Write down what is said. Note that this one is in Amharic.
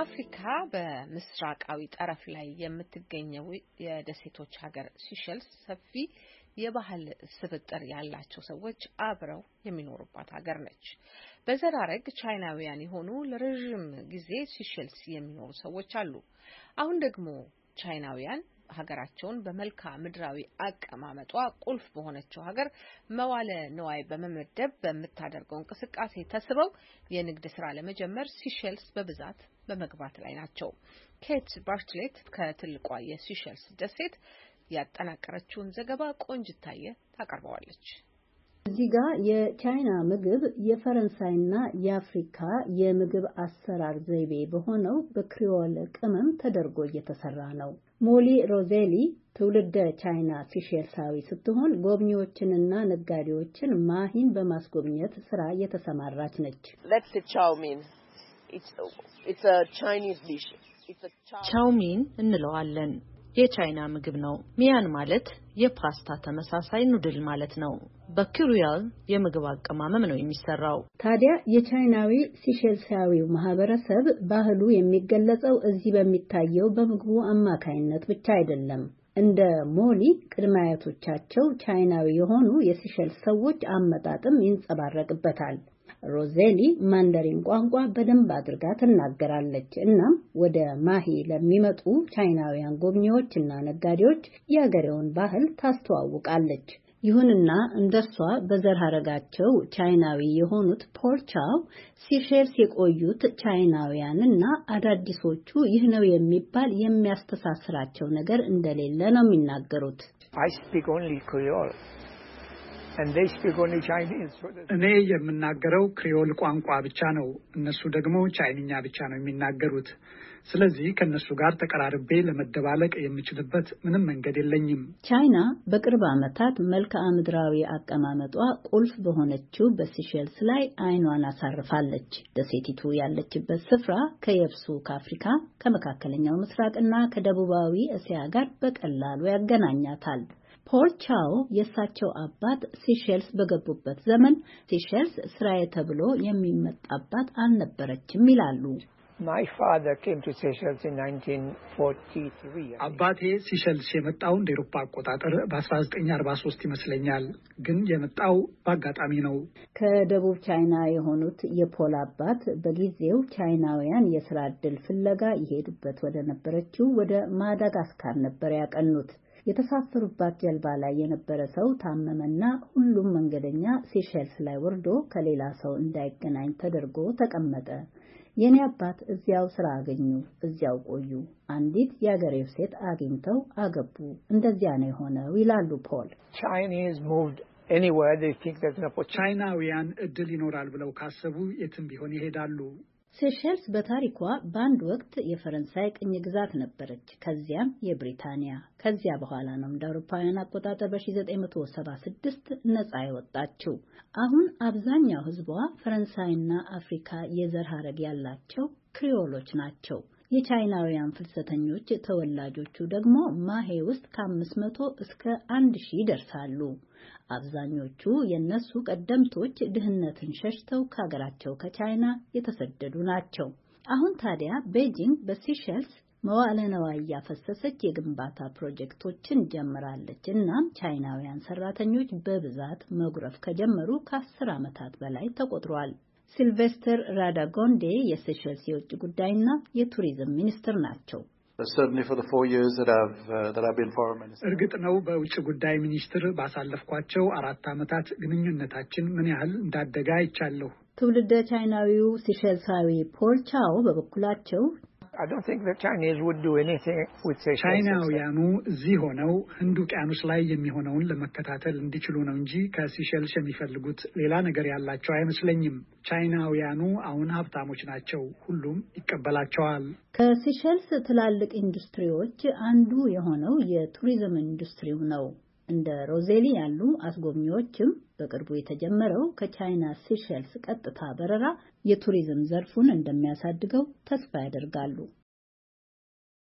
አፍሪካ በምስራቃዊ ጠረፍ ላይ የምትገኘው የደሴቶች ሀገር ሲሸልስ ሰፊ የባህል ስብጥር ያላቸው ሰዎች አብረው የሚኖሩባት ሀገር ነች። በዘራረግ ቻይናውያን የሆኑ ለረዥም ጊዜ ሲሸልስ የሚኖሩ ሰዎች አሉ። አሁን ደግሞ ቻይናውያን ሀገራቸውን በመልክዓ ምድራዊ አቀማመጧ ቁልፍ በሆነችው ሀገር መዋለ ንዋይ በመመደብ በምታደርገው እንቅስቃሴ ተስበው የንግድ ስራ ለመጀመር ሲሸልስ በብዛት በመግባት ላይ ናቸው። ኬት ባርትሌት ከትልቋ የሲሸልስ ደሴት ያጠናቀረችውን ዘገባ ቆንጅታየ ታቀርበዋለች። እዚህ ጋር የቻይና ምግብ የፈረንሳይና የአፍሪካ የምግብ አሰራር ዘይቤ በሆነው በክሪዮል ቅመም ተደርጎ እየተሰራ ነው። ሞሊ ሮዜሊ ትውልደ ቻይና ፊሼልሳዊ ስትሆን ጎብኚዎችንና ነጋዴዎችን ማሂን በማስጎብኘት ስራ የተሰማራች ነች። ቻውሚን እንለዋለን። የቻይና ምግብ ነው። ሚያን ማለት የፓስታ ተመሳሳይ ኑድል ማለት ነው። በኪሩያል የምግብ አቀማመም ነው የሚሰራው። ታዲያ የቻይናዊ ሲሼልሳዊው ማህበረሰብ ባህሉ የሚገለጸው እዚህ በሚታየው በምግቡ አማካይነት ብቻ አይደለም። እንደ ሞሊ ቅድመ አያቶቻቸው ቻይናዊ የሆኑ የሲሸል ሰዎች አመጣጥም ይንጸባረቅበታል። ሮዜሊ ማንደሪን ቋንቋ በደንብ አድርጋ ትናገራለች። እናም ወደ ማሂ ለሚመጡ ቻይናውያን ጎብኚዎች እና ነጋዴዎች የአገሬውን ባህል ታስተዋውቃለች። ይሁንና እንደሷ በዘር ቻይናዊ የሆኑት ፖርቻው ሲሼልስ የቆዩት ቻይናውያን እና አዳዲሶቹ ይህ ነው የሚባል የሚያስተሳስራቸው ነገር እንደሌለ ነው የሚናገሩት። እኔ የምናገረው ክሪዮል ቋንቋ ብቻ ነው። እነሱ ደግሞ ቻይንኛ ብቻ ነው የሚናገሩት። ስለዚህ ከእነሱ ጋር ተቀራርቤ ለመደባለቅ የምችልበት ምንም መንገድ የለኝም። ቻይና በቅርብ ዓመታት መልክዓ ምድራዊ አቀማመጧ ቁልፍ በሆነችው በሲሸልስ ላይ አይኗን አሳርፋለች። ደሴቲቱ ያለችበት ስፍራ ከየብሱ ከአፍሪካ ከመካከለኛው ምስራቅና ከደቡባዊ እስያ ጋር በቀላሉ ያገናኛታል። ፖል ቻው የእሳቸው አባት ሲሸልስ በገቡበት ዘመን ሲሸልስ ስራዬ ተብሎ የሚመጣባት አልነበረችም ይላሉ። አባቴ ሲሸልስ የመጣው እንደ ኤሮፓ አቆጣጠር በ1943 ይመስለኛል፣ ግን የመጣው በአጋጣሚ ነው። ከደቡብ ቻይና የሆኑት የፖል አባት በጊዜው ቻይናውያን የስራ እድል ፍለጋ ይሄዱበት ወደ ነበረችው ወደ ማዳጋስካር ነበር ያቀኑት። የተሳፈሩባት ጀልባ ላይ የነበረ ሰው ታመመና ሁሉም መንገደኛ ሴሸልስ ላይ ወርዶ ከሌላ ሰው እንዳይገናኝ ተደርጎ ተቀመጠ። የኔ አባት እዚያው ስራ አገኙ፣ እዚያው ቆዩ። አንዲት የአገሬው ሴት አግኝተው አገቡ። እንደዚያ ነው የሆነው ይላሉ ፖል። ቻይናውያን እድል ይኖራል ብለው ካሰቡ የትም ቢሆን ይሄዳሉ። ሴሸልስ በታሪኳ በአንድ ወቅት የፈረንሳይ ቅኝ ግዛት ነበረች፣ ከዚያም የብሪታንያ። ከዚያ በኋላ ነው እንደ አውሮፓውያን አቆጣጠር በ1976 ነጻ የወጣችው። አሁን አብዛኛው ሕዝቧ ፈረንሳይና አፍሪካ የዘር ሀረግ ያላቸው ክሪዮሎች ናቸው። የቻይናውያን ፍልሰተኞች ተወላጆቹ ደግሞ ማሄ ውስጥ ከ500 እስከ 1000 ይደርሳሉ። አብዛኞቹ የእነሱ ቀደምቶች ድህነትን ሸሽተው ከሀገራቸው ከቻይና የተሰደዱ ናቸው። አሁን ታዲያ ቤጂንግ በሲሸልስ መዋለ ነዋይ እያፈሰሰች የግንባታ ፕሮጀክቶችን ጀምራለች። እናም ቻይናውያን ሰራተኞች በብዛት መጉረፍ ከጀመሩ ከአስር ዓመታት በላይ ተቆጥሯል። ሲልቬስተር ጎንዴ የሴሸልስ የውጭ ጉዳይና የቱሪዝም ሚኒስትር ናቸው። uh, እርግጥ ነው በውጭ ጉዳይ ሚኒስትር ባሳለፍኳቸው አራት ዓመታት ግንኙነታችን ምን ያህል እንዳደገ አይቻለሁ። ትውልደ ቻይናዊው ሲሸልሳዊ ፖል ቻው በበኩላቸው ቻይናውያኑ እዚህ ሆነው ህንድ ውቅያኖስ ላይ የሚሆነውን ለመከታተል እንዲችሉ ነው እንጂ ከሲሸልስ የሚፈልጉት ሌላ ነገር ያላቸው አይመስለኝም። ቻይናውያኑ አሁን ሀብታሞች ናቸው፣ ሁሉም ይቀበላቸዋል። ከሲሸልስ ትላልቅ ኢንዱስትሪዎች አንዱ የሆነው የቱሪዝም ኢንዱስትሪው ነው። እንደ ሮዜሊ ያሉ አስጎብኚዎችም በቅርቡ የተጀመረው ከቻይና ሲሸልስ ቀጥታ በረራ የቱሪዝም ዘርፉን እንደሚያሳድገው ተስፋ ያደርጋሉ።